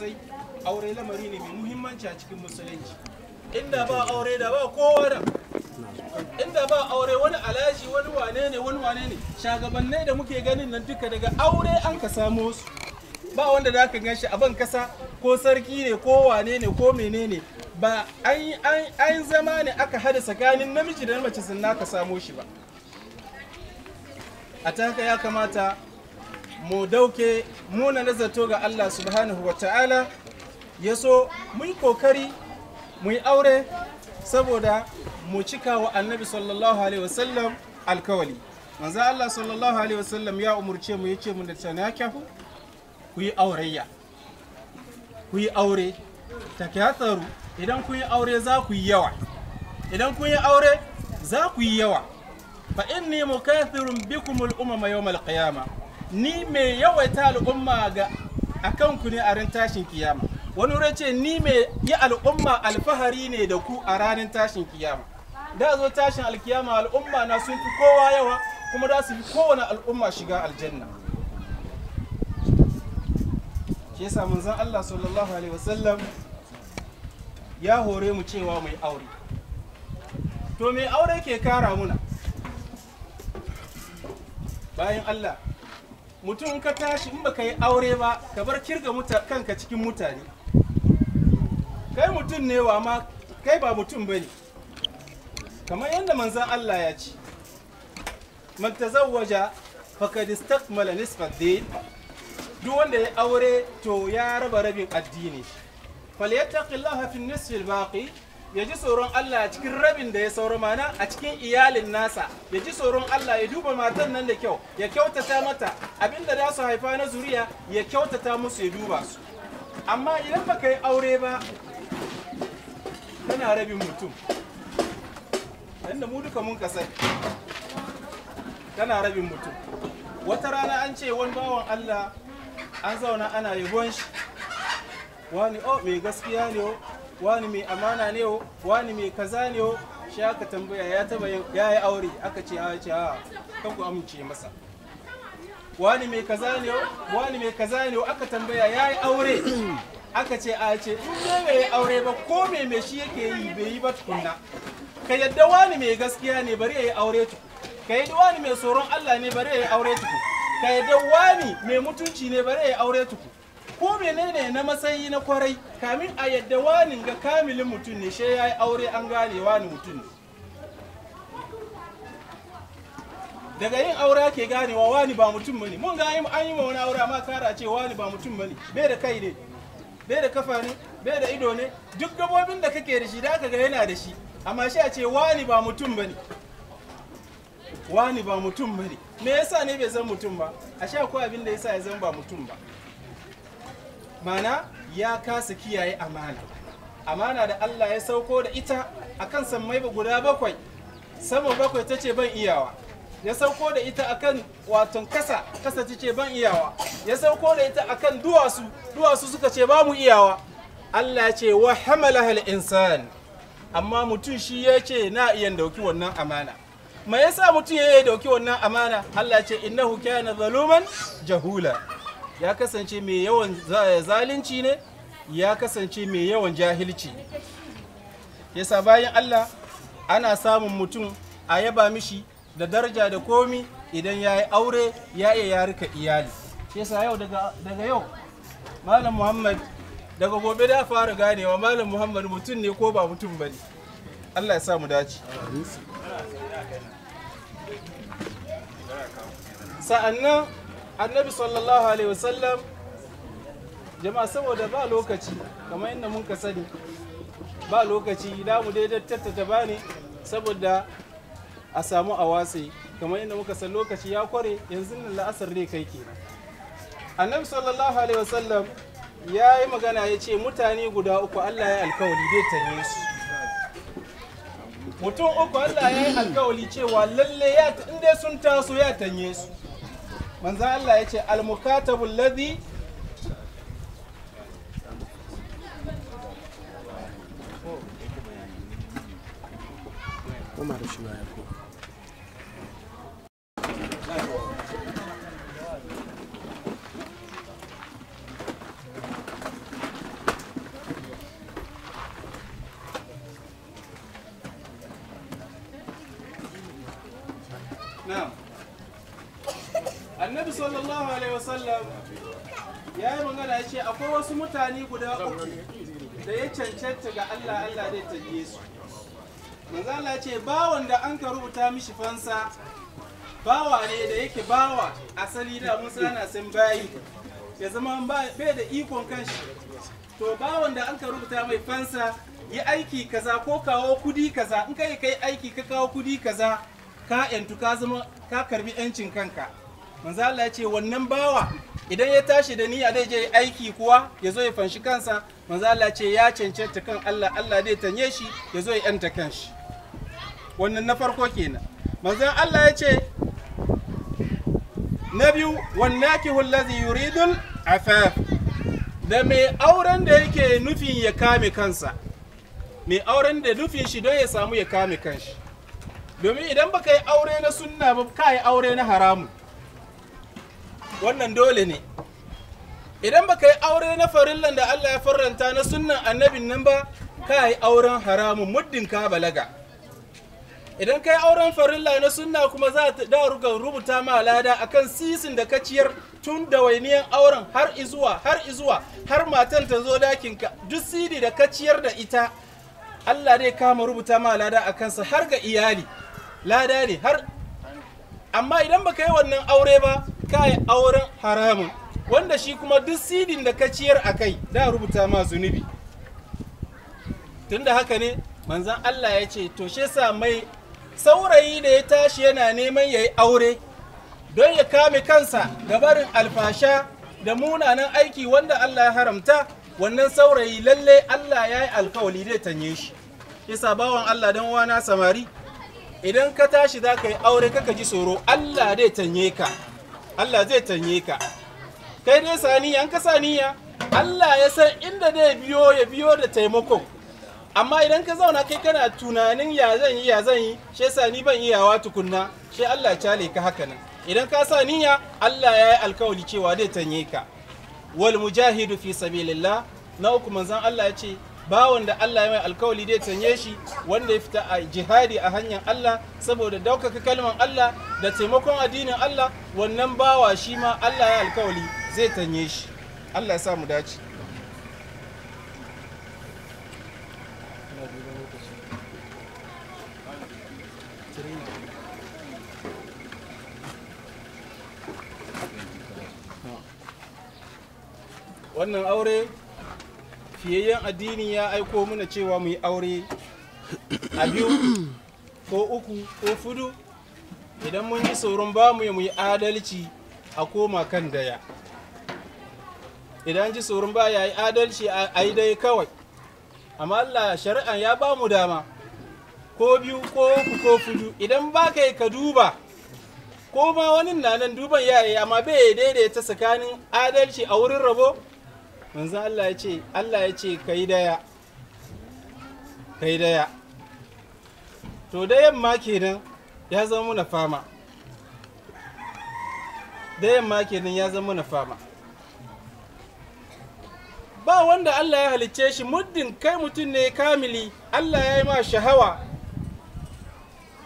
sosai aure lamari ne mai muhimmanci a cikin musulunci inda ba aure da ba kowa da inda ba aure wani alaji wani wane ne wani wane ne shagabannai da muke ganin nan duka daga aure an ka samo su ba wanda za ka gan shi a ban kasa ko sarki ne ko wane ne ko menene ba an zama ne aka hada tsakanin namiji da mace sun naka samo shi ba a ta ya kamata mu dauke muna na zato ga Allah subhanahu wa ta'ala ya so mu yi kokari mu yi aure saboda mu cika wa annabi sallallahu alaihi wasallam alkawali manzo Allah sallallahu alaihi wasallam ya umurce mu yace mu da tanakahu ku yi aurayya ku yi aure takatsaru idan kun yi aure za ku yi yawa idan kun yi aure za ku yi yawa fa inni mukathirun bikum al-umama yawm al-qiyamah ni mai yawaita al'umma ga a kan ku ne a ran tashin kiyama wani wurin ce ni mai yi al'umma alfahari ne da ku a ranar tashin kiyama da zo tashin alkiyama al'umma na sun fi kowa yawa kuma za su fi kowane al'umma shiga aljanna ke samun zan Allah sallallahu alaihi wasallam ya hore mu cewa mai aure to mai aure ke kara muna bayan Allah mutum ka tashi in baka yi aure ba ka bar kirga kanka cikin mutane kai mutum ne wa ma kai ba mutum bane kamar yadda manzan Allah ya ce man tazawwaja faqad istakmala nisfa din duk wanda ya aure to ya raba rabin addini falyattaqillaha fi nisfi al-baqi ya ji tsoron Allah cikin rabin da ya saura mana a cikin iyalin nasa ya ji tsoron Allah ya duba matan nan da kyau ya kyautata mata abinda za su haifa na zuriya ya kyautata musu ya duba su amma idan baka yi aure ba kana rabin mutum yadda mu duka mun kasar kana rabin mutum wata rana an ce wani bawan Allah an zauna ana yi shi wani oh mai gaskiya ne oh, wani mai amana ne o wani mai kaza ne o shi aka tambaya ya taba ya yi aure aka ce ya ce ha kan ku amince masa wani mai kaza ne o wani mai kaza ne o aka tambaya ya yi aure aka ce a ce in ne mai aure ba ko me me shi yake yi bai yi ba tukunna ka yadda wani mai gaskiya ne bari ya yi aure tuku ka yadda wani mai tsoron Allah ne bari ya yi aure tuku ka yadda wani mai mutunci ne bari ya yi aure tuku ko menene na matsayi na kwarai kamin a yadda wani ga kamilin mutum ne shi ya yi aure an gane wani mutum ne daga yin aure ke ganewa wani ba mutum bane mun ga an yi ma wani aure amma kara ce wani ba mutum bane bai da kai ne bai da kafa ne bai da ido ne duk gabobin da kake da shi da aka ga yana da shi amma shi a ce wani ba mutum bane wani ba mutum bane me yasa ne bai zan mutum ba a sha ko abin da yasa ya zan ba mutum ba mana ya kasa kiyaye amana amana da Allah ya sauko da ita akan sammai guda bakwai sama bakwai ta ce ban iyawa ya sauko da ita akan waton kasa kasa ta ce ban iyawa ya sauko da ita akan duwatsu duwatsu suka ce ba mu iyawa Allah ya ce wa hal insan amma mutum shi ya ce na iya dauki wannan amana me yasa mutum ya dauki wannan amana Allah ya ce innahu kana zaluman jahula ya kasance mai yawan zalunci ne ya kasance mai yawan jahilci yasa bayan Allah ana samun mutum a yaba mishi da daraja da komi idan ya yi aure ya iya yarika iyali yasa yau daga yau malam muhammad daga gobe da fara ganewa malam muhammad mutum ne ko ba mutum ba ne allah ya samu dace sa'annan annabi sallallahu alaihi wasallam jama'a saboda ba lokaci kamar yadda mun ka sani ba lokaci da mu daidai tattata ba ne saboda a samu a wasai kamar yadda muka san lokaci ya kware yanzu nan la'asar ne kai kenan annabi sallallahu alaihi wasallam ya yi magana ya ce mutane guda uku allah ya alkawali zai tanye su mutum uku allah ya yi alkawali cewa lalle ya in dai sun taso ya tanye su manzo Allah yace al mukatabul ladhi ya yi magana ya ce akwai wasu mutane guda uku da ya cancanta ga Allah Allah zai tafiye su manzala ce bawan da an ka rubuta mishi fansa bawa ne da yake bawa asali da musa na sun bayi ya zama bai da ikon kanshi to bawan da an ka rubuta mai fansa yi aiki kaza ko kawo kudi kaza in kai kai aiki ka kawo kudi kaza ka yantu ka zama ka karbi yancin kanka manzo Allah ya ce wannan bawa idan ya tashi da niyya zai je aiki kuwa ya zo ya fanshi kansa manzo Allah ce ya cancanta kan Allah Allah zai tanye shi ya zo ya yanta kanshi wannan na farko kenan manzo Allah ya ce na biyu wannakihu allazi yuridul afaf da mai auren da yake nufin ya kame kansa mai auren da nufin shi don ya samu ya kame kanshi domin idan baka yi aure na sunna ba ka yi aure na haramun wannan dole ne idan baka yi aure na farillan da Allah ya faranta na sunnan annabin nan ba ka yi auren haramun muddin ka balaga idan ka yi auren farilla na sunna kuma za ta ga rubuta ma lada akan sisin da kaciyar tun da wainiyan auren har izuwa har izuwa har matan ta zo ka duk sidi da kaciyar da ita Allah dai kama rubuta ma lada a kansa har ga iyali lada ne har amma idan baka yi wannan aure ba kayi auren haramun wanda shi kuma duk sidin da ka ciyar a kai da rubuta ma zunubi tunda haka ne manzan Allah ya ce to shi sa mai saurayi da ya tashi yana neman ya yi aure don ya kame kansa da barin alfasha da munanan aiki wanda Allah ya haramta wannan saurayi lalle Allah ya yi alkawali zai tanye shi yasa bawan Allah dan wana samari idan ka tashi za ka yi aure kaka ji tsoro Allah zai tanye ka Allah zai tanye ka kai dai saniya an ka saniya Allah ya san inda zai biyo ya biyo da taimako amma idan ka zauna kai kana tunanin ya zan yi ya zan yi shi yasa ni ban iyawa tukunna shi Allah cale ka haka nan idan ka saniya Allah ya yi alkawali cewa zai tanye ka wal mujahidu fi sabilillah na uku manzon Allah ya ce bawan da Allah ya mai alkawali dai sanye shi wanda ya fita a jihadi a hanyar Allah saboda daukaka kalman Allah da taimakon addinin Allah wannan bawa shi ma Allah ya alkawali zai tanye shi Allah ya sa mu dace wannan aure fiyayyen addini ya aiko mana cewa mu yi aure a biyu ko uku ko fudu idan mun yi saurin ba mu yi adalci a koma kan daya idan ji saurin ba ya yi adalci a yi dai kawai amma Allah shari'a ya ba mu dama ko biyu ko uku ko fudu idan ba ka yi ka duba ko ma wani na nan duban ya yi amma bai daidaita tsakanin adalci a wurin rabo manzo Allah ya ce Allah ya ce kai daya kai daya to da yamma kenan ya zama muna fama da yamma kenan ya zama muna fama ba wanda Allah ya halicce shi muddin kai mutum ne kamili Allah ya yi ma shahawa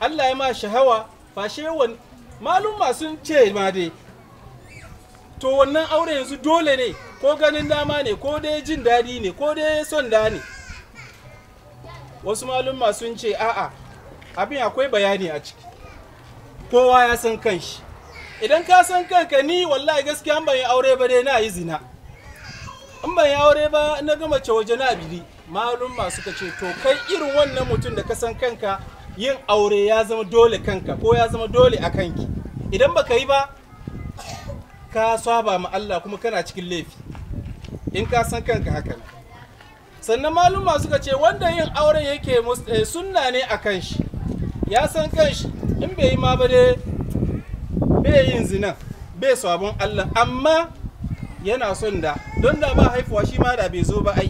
Allah ya ma shahawa fashe wani malum sun ce ma dai to wannan aure yanzu dole ne ko ganin dama ne ko dai jin daɗi ne ko dai son da ne wasu malumma sun ce a'a abin akwai bayani a ciki kowa ya san kanshi idan ka san kanka ni wallahi gaskiya ban yi aure ba dai na yi zina in ban aure ba na gama ce waje na biri malumma suka ce to kai irin wannan mutum da ka san kanka yin aure ya zama dole kanka ko ya zama dole a kanki idan baka yi ba ka saba ma Allah kuma kana cikin laifi in ka san kanka haka ne sannan maluma suka ce wanda yin auren yake eh, sunna ne a kan shi ya san kan shi in bai yi ma ba bai yin zina, bai sabon Allah amma yana son da don da ba haifuwa shi ma da bai zo ba ai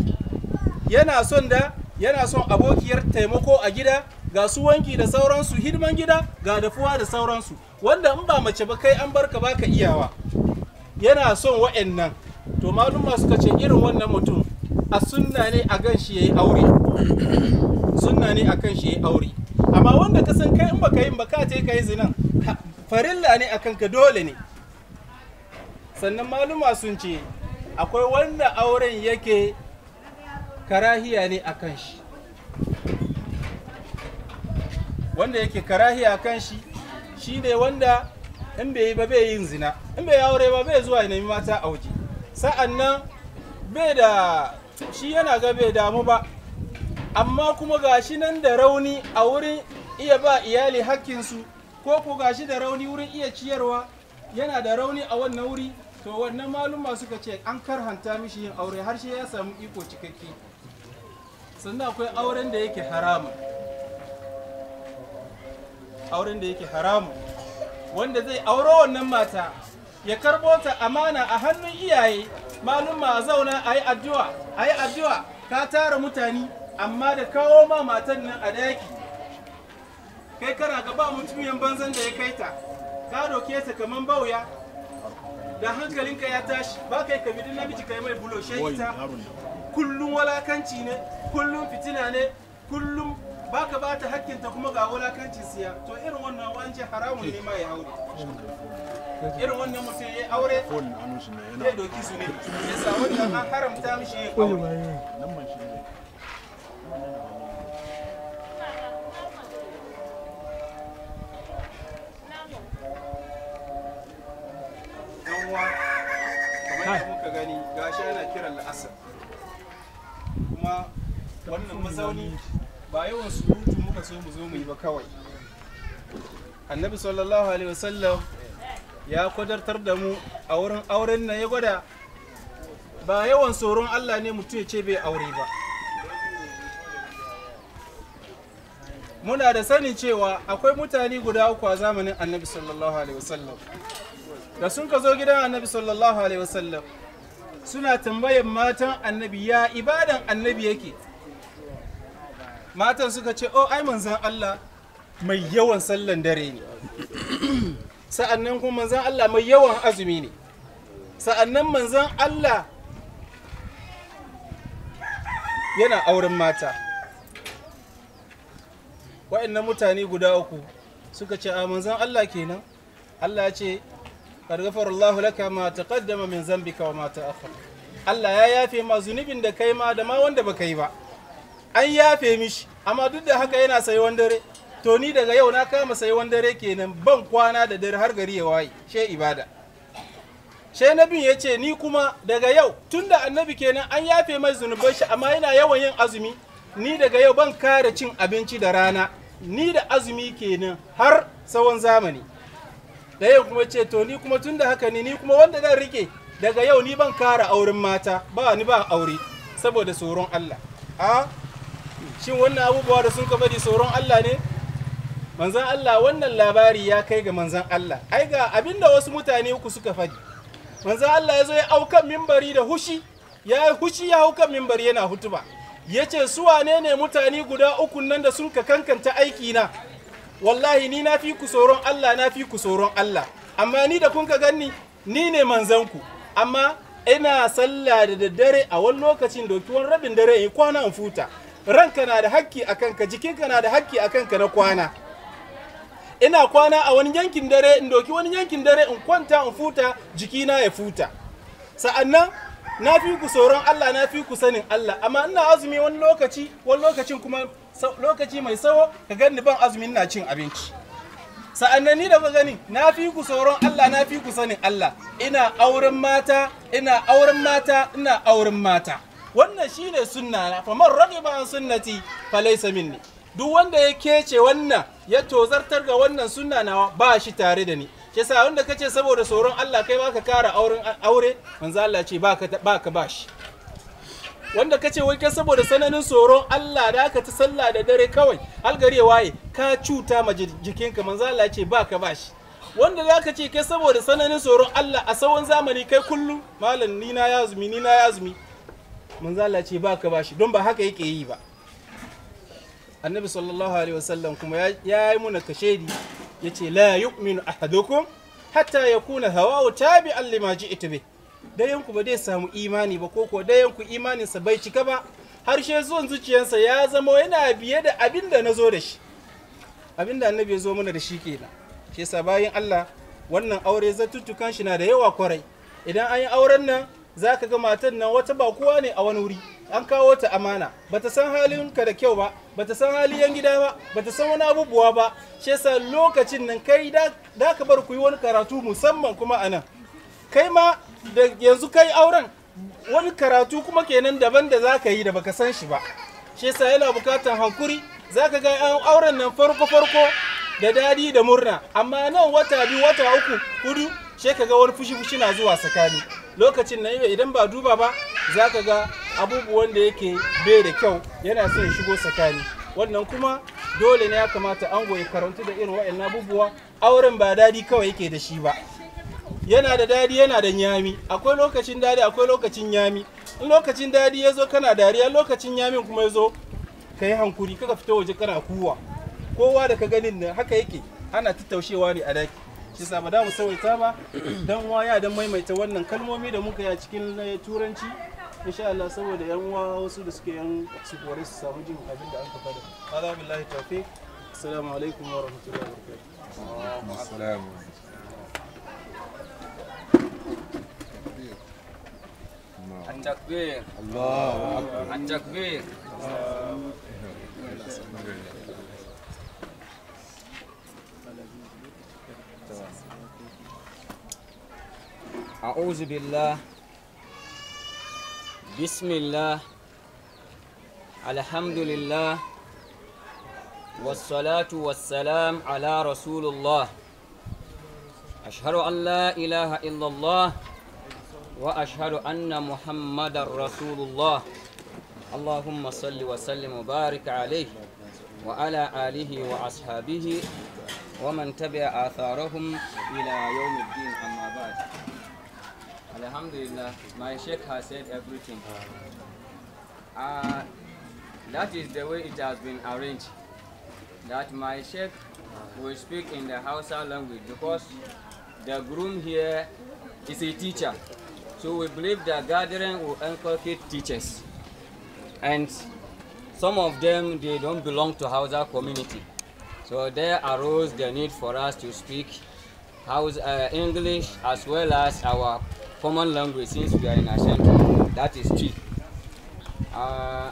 yana son da yana son abokiyar taimako a gida ga su wanki da sauransu hidiman gida ga dafuwa da sauransu wanda in ba mace ba kai an barka baka iyawa yana son wa'annan to malum suka ce irin wannan mutum a sunna ne a gan shi yayi aure sunna ne a kan shi yayi aure amma wanda ka san kai in baka yin baka ce kai zinan farilla ne akan ka dole ne sannan maluma sun ce akwai wanda auren yake karahiya ne a kan shi wanda yake karahiya a kan shi shi ne wanda in bai yi ba bai yin zina in bai aure ba bai zuwa ya nemi mata a waje sa'an nan bai da shi yana ga bai damu ba amma kuma ga shi nan da rauni a wurin iya ba iyali hakkinsu ko ko shi da rauni wurin iya ciyarwa yana da rauni a wannan wuri to wannan maluma suka ce an karhanta mishi yin aure har shi ya samu iko cikakke sannan akwai auren da yake haramu. auren da yake haramu. wanda zai auro wannan mata ya karbo ta amana a hannun iyaye malumma a zauna a yi addu'a a yi addu'a ka tara mutane amma da kawo ma matan nan a daki kai kana ba mutumin banzan da ya kai ta ka doke ta kaman bauya da hankalinka ya tashi ba kai ka bidin namiji kai mai bulo ita kullum walakanci ne kullum fitina ne kullum baka bata ta hakkinta kuma ga walakanci siya to irin wannan wanje haramun ne ma ya haure irin wannan mutum ya aure zai doki su ne ya samu da an haramta mishi ya aure kamar da muka gani gashi ana kiran la'asar kuma wannan mazauni ba yawan surutu muka so mu zo mu yi ba kawai annabi sallallahu alaihi wasallam ya kwadartar da mu a wurin auren nan ya gwada ba yawan tsoron Allah ne mutum ya ce bai aure ba muna da sani cewa akwai mutane guda uku a zamanin annabi sallallahu alaihi wasallam da sun ka zo gidan annabi sallallahu alaihi wasallam suna tambayan matan annabi ya ibadan annabi yake matan suka ce o oh, ai manzan Allah mai yawan sallan dare ne sa'annan kuma manzan Allah mai yawan azumi ne sa'annan manzan Allah yana auren mata wa'annan mutane guda uku suka ce a manzan Allah kenan Allah ce Allah laka ma taqaddama min zambika wa ma ta'akhkhar Allah ya yafe ma zunubin da kai ma da ma wanda baka yi ba an yafe mishi amma duk da haka yana sayi dare to ni daga yau na kama sai wani dare kenan ban kwana da dare har gari ya waye she ibada she nabin ya ce ni kuma daga yau tunda annabi kenan an yafe mai zunuban shi amma yana yawan yin azumi ni daga yau ban kare cin abinci da rana ni da azumi kenan har tsawon zamani da yau kuma ce to ni kuma tunda haka ne ni kuma wanda zan rike daga yau ni ban kara auren mata ba ni ba aure saboda tsoron Allah a shin wannan abubuwa da sun ka bari tsoron Allah ne manzan Allah wannan labari ya kai ga manzan Allah ai ga abinda wasu mutane uku suka faɗi manzan Allah ya zo ya aukan mimbari da hushi ya hushi ya aukan mimbari yana hutuba ya ce su wane ne mutane guda uku nan da sun ka kankanta aiki na wallahi ni na fi ku tsoron Allah na fi ku tsoron Allah amma ni da kun ka ganni ni ne Manzan ku? amma ina sallah da daddare a wani lokacin dokiwan rabin dare in kwana in futa ranka na da hakki a kanka jikinka na da hakki a kanka na kwana ina kwana a wani yankin dare in doki wani yankin dare in kwanta in futa jikina ya futa sa'annan na fi ku tsoron Allah na fi ku sanin Allah amma ina azumi wani lokaci wani lokacin kuma lokaci mai tsawo ka gani ban azumi ina cin abinci sa'annan ni da ka gani na fi ku tsoron Allah na fi ku sanin Allah ina auren mata ina auren mata ina auren mata wannan shine sunna na fa man ragiba an sunnati fa laysa minni duk wanda ya kece wannan ya tozartar ga wannan sunna nawa ba shi tare da ni ke sa wanda kace saboda tsoron Allah kai baka kara auren aure manzo Allah ce baka baka bashi wanda kace wai kai saboda sananin tsoron Allah da aka ta sallah da dare kawai algare waye ka cuta ma jikinka manzo Allah ce baka bashi wanda za ka ce kai saboda sananin tsoron Allah a tsawon zamani kai kullum malam ni na ya azumi ni na ya azumi manzo Allah ce baka bashi don ba haka yake yi ba annabi sallallahu alaihi wasallam kuma ya yi muna kashedi ya ce la yu'minu ahadukum hatta ya kuna hawa tabi an lima ji ita dayan ku ba zai samu imani ba ko kuwa dayan ku imaninsa bai cika ba harshe zuwan zuciyarsa ya zama yana biye da abin da na zo da shi abin da annabi ya zo mana da shi kenan shi yasa bayan Allah wannan aure zattutukan shi na da yawa kwarai idan an yi auren nan zaka ga matan nan wata ba kowa ne a wani wuri an kawo ta amana bata san halin ka da kyau ba bata san haliyan gida ba bata san wani abubuwa ba shi yasa lokacin nan kai da ka bar ku yi wani karatu musamman kuma anan kai ma da yanzu kai auren wani karatu kuma kenan daban da za ka yi da baka san shi ba shi yasa yana bukatan hankuri za ka ga auren nan farko farko da dadi da murna amma nan wata biyu wata uku hudu shi ka ga wani fushi fushi na zuwa tsakani lokacin nan idan ba duba ba za ka ga abubuwan da yake bai da kyau yana son shigo tsakani wannan kuma dole ne ya kamata an goyi karantu da irin wa'annan abubuwa auren ba dadi kawai yake da shi ba yana da dadi yana da nyami akwai lokacin dadi akwai lokacin nyami in lokacin dadi ya zo kana dariya lokacin nyamin kuma ya zo ka yi hankuri kaka fito waje kana kuwa kowa da ka ganin nan haka yake ana tattaushewa ne a daki shi sa ba da mu sawaita ba dan waya dan maimaita wannan kalmomi da muka yi a cikin eh, turanci insha Allah saboda yan uwa wasu da suke yan su kore su samu jin abin da an faɗa da Allah billahi tawfiq assalamu alaikum wa rahmatullahi wa barakatuh assalamu التكبير الله اكبر التكبير أعوذ بالله بسم الله الحمد لله والصلاة والسلام على رسول الله أشهد أن لا إله إلا الله وأشهد أن محمد رسول الله اللهم صل وسلم وبارك عليه وعلى آله وأصحابه ومن تبع آثارهم إلى يوم الدين أما Alhamdulillah, my sheikh has said everything. Uh, that is the way it has been arranged. That my sheikh will speak in the Hausa language because the groom here is a teacher. So we believe the gathering will inculcate teachers. And some of them, they don't belong to Hausa community. So there arose the need for us to speak Hausa, uh, English as well as our common language since we are in Ashanti. That is true. Uh,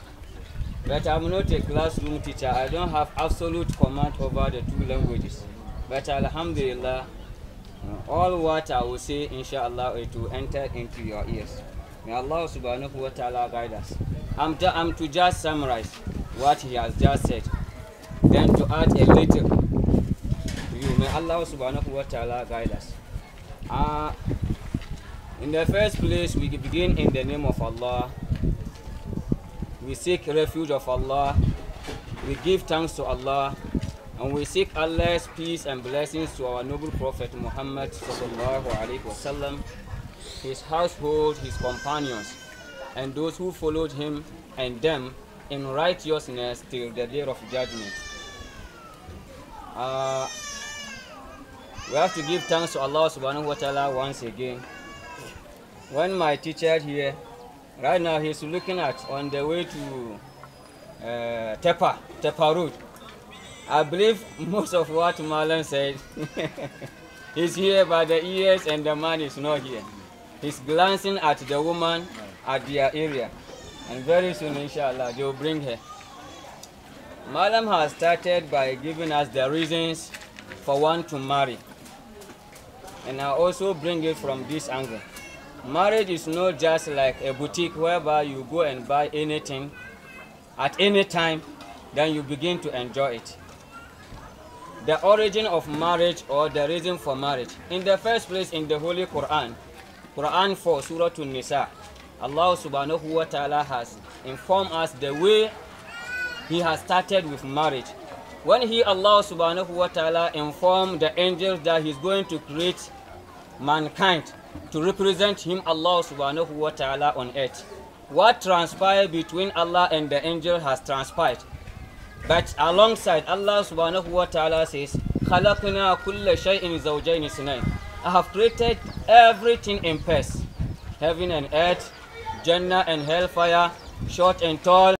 but I'm not a classroom teacher. I don't have absolute command over the two languages. But Alhamdulillah, all what I will say, inshallah, it will enter into your ears. May Allah subhanahu wa ta'ala guide us. I'm to, I'm to just summarize what he has just said. Then to add a little to you. May Allah subhanahu wa ta'ala guide us. Uh, in the first place, we begin in the name of Allah. We seek refuge of Allah. We give thanks to Allah. And we seek Allah's peace and blessings to our noble Prophet Muhammad wasallam, his household, his companions, and those who followed him and them in righteousness till the day of judgment. Uh, we have to give thanks to Allah subhanahu wa ta'ala once again when my teacher here, right now he's looking at on the way to uh, Tepa, Tepa Road. I believe most of what Marlon said is here, by the ears and the man is not here. He's glancing at the woman at their area. And very soon, inshallah, they will bring her. Madam has started by giving us the reasons for one to marry. And I also bring it from this angle. Marriage is not just like a boutique whereby you go and buy anything at any time, then you begin to enjoy it. The origin of marriage or the reason for marriage. In the first place, in the Holy Quran, Quran 4, Surah to nisa Allah subhanahu wa ta'ala has informed us the way He has started with marriage. When He, Allah subhanahu wa ta'ala, informed the angels that He's going to create mankind to represent him Allah subhanahu wa ta'ala on earth. What transpired between Allah and the angel has transpired. But alongside Allah subhanahu wa ta'ala says, خَلَقْنَا كُلَّ شَيْءٍ زَوْجَيْنِ سِنَيْنِ I have created everything in pairs, heaven and earth, Jannah and hellfire, short and tall,